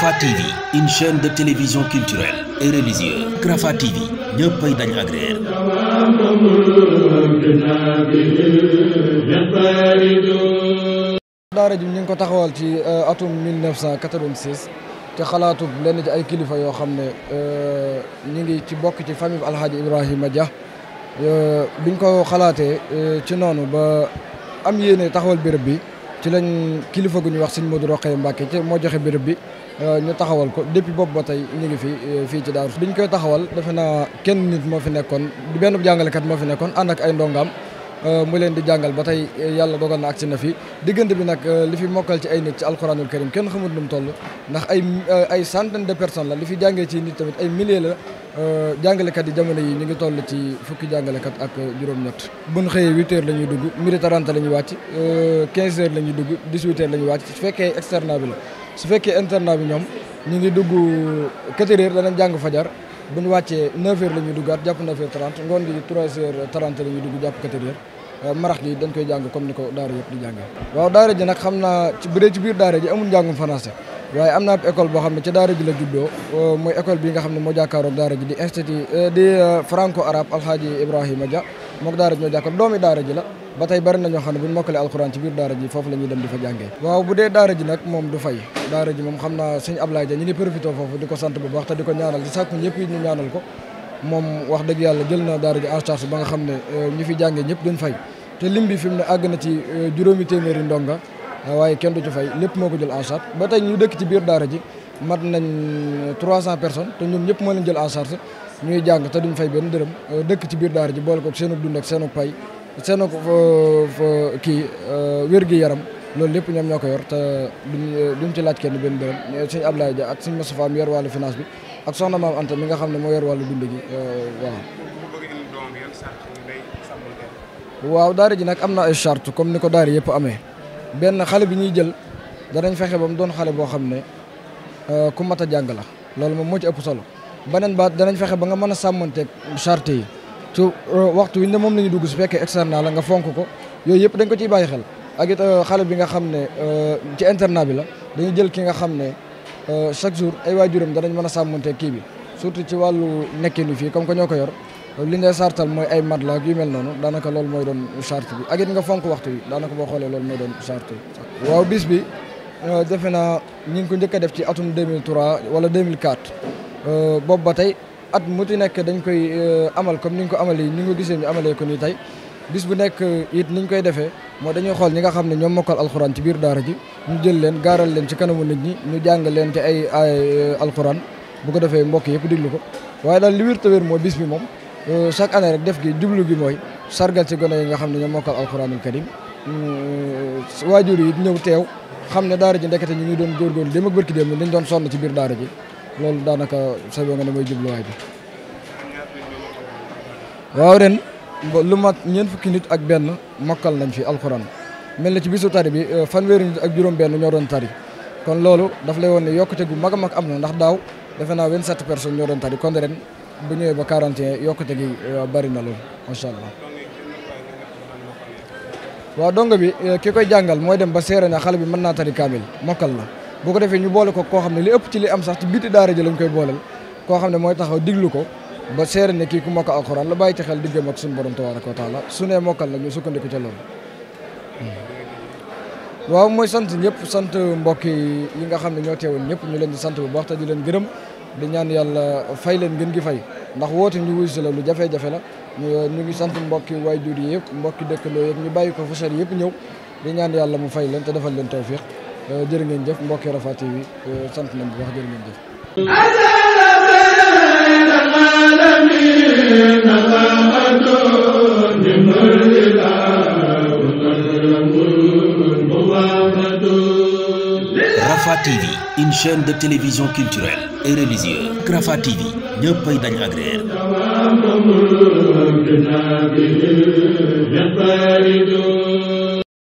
Rafah TV une chaîne de télévision culturelle et daara ji ñu ngi ko taxawal ci euh, atum 1986 te xalaatub lenn ci ay kilifa yoo xam ne euh, ñu ngi ci bokk ci famille Alhaji Ibrahima Dia euh, biñ ko xalaatee ci noonu ba am yéene taxawal béréb bi ci lañ kilifa gu ñu wax sëñ Modou Rokhaya Mbacké ci moo joxe béréb bi Euh, ñu taxawal ko depuis boobu ba tey ñu ngi fi euh, fii ci Daaru bi ñu koy taxawal defe naa kenn nit moo fi nekkoon du benn jàngalekat moo fi nekkoon ànd ak ay ndongaam euh, mu leen di jàngal ba tey yàlla dogal na agsi na fi diggante bi nag li fi mokkal ci ay nit ci alxuraanul karim kenn xamul nu mu toll ndax ay ay centaine de personnes la li fi jàngee ci nit tamit ay milliers la jàngalekat yi jamono yi ñu ngi toll ci fukki jàngalekat ak juróom-ñett bu ñu xëyee huit heures la ñuy dugg midi la ñuy wàcc quinze heures la ñuy dugg dix huit heures la ñuy wàcc su fekkee externat bi su fekkee internat bi ñoom ñu ngi dugg quatre heures danañ jàng fajar bu ñu wàccee neuf heures la ñuy duggaat jàpp neuf heures trente ngoon gi trois heures trente la ñuy dugg jàpp quatre heures euh, marax gi dañ koy jàng comme ni ko daara yëpp di jàngee. waaw daara ji nag xam naa ci bu dee ci biir daara ji amul njàngum français waaye am naa ab école boo xam ne ca daara ji la juddoo euh, mooy école bi nga xam ne moo jàkkaaroog daara ji di institut euh, di franco arabe alhaaji Ibrahima Dia mook daara ñoo jàkkaar doomi daara ji la ba tey bari na ñoo xam ne bu ñu mokkalee alxuraan ci biir daara ji foofu la dem di fa jàngee waaw bu dee daara ji nag moom du fay daara ji moom xam naa sëñ Ablaye Dia ñu ngi profité foofu di ko sant bu baax te di ko ñaanal di sàkku ñëpp ñu ko moom wax dëgg yàlla jël na daara ji en ba nga xam ne euh, ñu fi jàngee ñëpp duñ fay te lim bi fi mu ne àgg na ci euh, juróomi téeméeri ndonga euh, waaye kenn du ci fay lépp moo ko jël en charge ba tey ñu dëkk ci biir daara ji mat nañ 300 personnes te ñoom ñëpp moo leen jël en charge ñuy jàng te duñ fay dëkk ci biir daara ji boole ko seenug dund ak seenug pay ko seen uh, kii uh, wér gu yaram loolu lépp ñoom ñoo ko yor te uh, duñ ci laaj kenn benn dërëm sëñ Ablaye Dia ak sëñ Moustapha mi yor wàllu finance bi ak soxna maam Anta mi nga xam ne moo yor wàllu dund gi waaw. waaw daara ji nag am na ay charte comme ni ko daara yëpp amee benn xale bi ñuy jël danañ fexe ba mu doon xale boo xam ne ku mat a jàng loolu moom mu ci ëpp solo beneen baat danañ fexe ba nga mën a sàmmanteeg charte su euh, waxtu wi ne moom la ñu dugg su fekkee externat la nga fonk ko yooyu yëpp dañ ko ciy bàyyi xel ak euh, xale bi nga xam ne euh, ci internat bi la dañuy jël ki nga xam ne chaque jour ay waajuram danañ mën a sàmmante kii bi surtout ci wàllu nekkinu fii comme que ñoo ko yor li ngay sartal mooy ay mat la ak yu mel noonu daanaka loolu mooy doon charte bi ak nga fonk waxtu bi daanaka boo xoolee loolu mooy doon charte bi. waaw bis bi defe naa ñi ngi ko njëkk a def ci atum 2003 wala 2004 boobu ba tey. at mu ci nekk dañ koy euh, amal comme ni nga ko amalee ni nga ko gisee ñu amalee ko nii tey bis bu nekk euh, it ni koy defee moo dañuy xool ñi nga xam ne ñoom mokkal alxuraan ci biir daara ji ñu jël leen gaaral leen ci kanamu nit ñi ñu jàng leen ci ay ay euh, alxuraan bu ko defee mbokk yi yëpp diglu ko waaye daal li wér te wér mooy bis bi moom chaque année rek def gi jublu gi mooy sargal ci gone yi nga xam ne ñoom mokkal alxuraanul karim waajur yi ñëw teew xam ne daara ji ndekete ñu ngi doon góorgóorlu dem ak barki dem dañ doon sonn ci biir daara ji loolu daanaka sooy ne mooy jubluwaay bi. waaw ren lu mat ñeent fukki nit ak benn mokkal nañ fi alxuraan mel na ci bisu tari bi euh, fanweeri ak juróom-benn ñoo doon tari kon loolu daf lay woon ne yokkute gu mag a mag am na ndax daaw defe naa 27 personnes ñoo doon tari kon ren bu ñëwee ba 41 yokkute gi euh, bari na loolu macha allah. waaw dongo bi euh, ki koy jàngal mooy dem ba seere na xale bi mën naa tari kaamil mokkal la. bu ko defee ñu boole ko koo xam ne li ëpp ci li am sax ci biti daara ji lañ koy booleel koo xam ne mooy taxaw diglu ko ba seere ne kii ku mokkal alxuraan la bàyyi ci xel diggam ak suñu borom tabaraka wa taala su nee mokkal la ñu sukkandiku ca loolu hmm. mooy sant ñëpp sant mbokk yi nga xam ne ñoo teewoon ñëpp ñu leen di sant bu baax te di leen gërëm di ñaan yàlla fay leen gën gi fay ndax woote ñu wuy si la lu jafe-jafe la ñu ngi sant mbokki waajur yi yëpp mbokki dëkkandoo yëpp ñu bàyyi ko fa sori yëpp ñëw di ñaan yàlla mu fay leen te defal leen tawfiq Euh, jërë ngeen jëf mbokki Rafah TV euh, sant nañ bu baax jërë ngeen jëf Rafah TV une chaîne de télévision culturelle et religieuse Rafah TV ñëppay dañ agréer